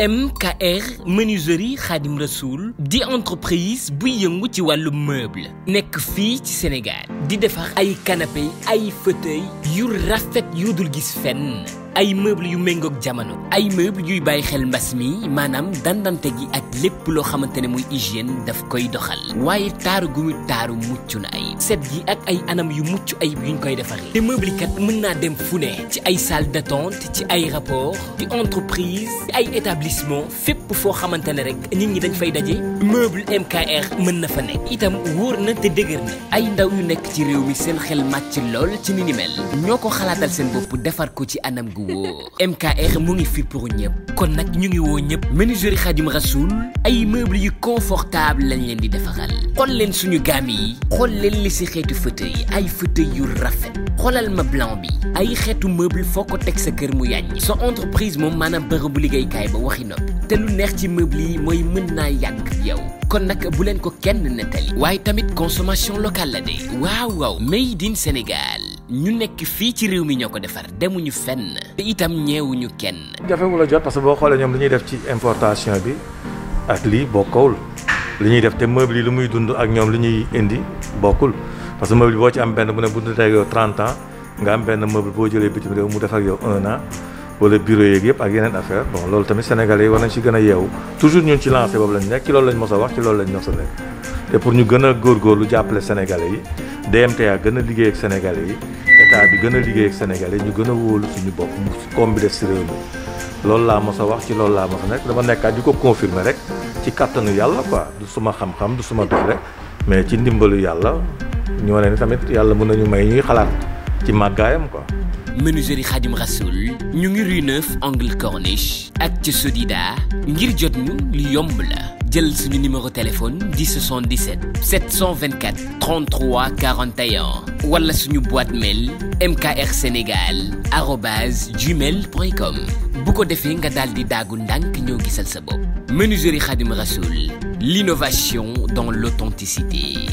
MKR menuiserie Khadim Rasoul di entreprise buy yëngu ci wàllu meuble nekk fii ci Sénégal di defar ay canapé ay fauteuil yu rafet yu dul gis fenn ay meuble yu méngoog jamono ay meuble yuy bàyyi xel mbas mi maanaam dandante gi ak lépp loo xamante ne muy hygiène daf koy doxal waaye taaru gu mu taaru mucc na ay set gi ak ay anam yu mucc ayib yuñ koy defaree te meuble kat mën naa dem fu ne ci ay salle d'attente ci ay rapport ci entreprise ci ay établissement fépp foo xamante ne rek nit ñi dañ fay daje meuble MKR mën na fa nekk itam wóor na te dëgër ci réew mi seen xel màcc lool ci ni ni mel ñoo ko xalaatal seen bopp defar ko ci anam gu wóor MKR mu ngi fi pour ñëpp kon nag ñu ngi woo ñëpp menuiserie Khadim Rasoul ay meuble yu confortable lañ leen di defaral xool leen suñu gaam yi xool leen li si xeetu fauteuil ay fauteuil yu rafet xoolal ma blanc bi ay xeetu meuble foo ko teg sa kër mu yàññi sa entreprise moom maanaam bërëbu liggéeykaay ba waxi noppi te lu neex ci meuble yi mooy mën naa yàgg yow kon nag bu leen ko kenn nettali waaye tamit consommation locale la de waaw waaw made in Sénégal ñu nekk fii ci réew mi ñoo ko defar demuñu fenn te itam ñeewuñu kenn. jafewul la jot parce que boo xoolee ñoom li ñuy def ci importation bi ak lii bokkowul li ñuy def te meuble yi lu muy dund ak ñoom li ñuy indi bokkul parce que meuble boo ci am benn bu ne bu dundee ak yow 30 ans nga am benn meuble boo jëlee bitim réew mu def ak yow un an. wala bureau yeeg yëpp ak yeneen affaire bon loolu tamit sénégalais yi war nañ si gën a yeewu toujours ñun ci lancé boobu lañ nekk ci loolu lañ mos a wax ci loolu a pour ñu gën a góorgóorlu jàppale sénégalais yi DMTA gën a liggéey ak sénégalais yi état bi gën a liggéey ak sénégalais ñu gën a wóolu suñu bopp comme bi def si réew mi loolu laa mos a wax ci loolu laa mos a nekk dama nekkaat ju ko confirmer rek ci kattanu yàlla quoi du suma xam-xam du suma doole mais ci ndimbalu yàlla ñu wane ni tamit yàlla mën nañu may ñuy xalaat ci màggaayam quoi menuiserie Khadim Rassoul ñu ngi rue 9 angle corniche ak ca Sodida ngir jot ñu li yomb la jël suñu numéro téléphone di 77 724 33 41 wala suñu boîte mail mkr sénégal arobase gmail point com bu ko defee nga daal di daagu ndànk ñoo gisal sa bopp menuiserie Khadim Rassoul l'innovation dans l'authenticité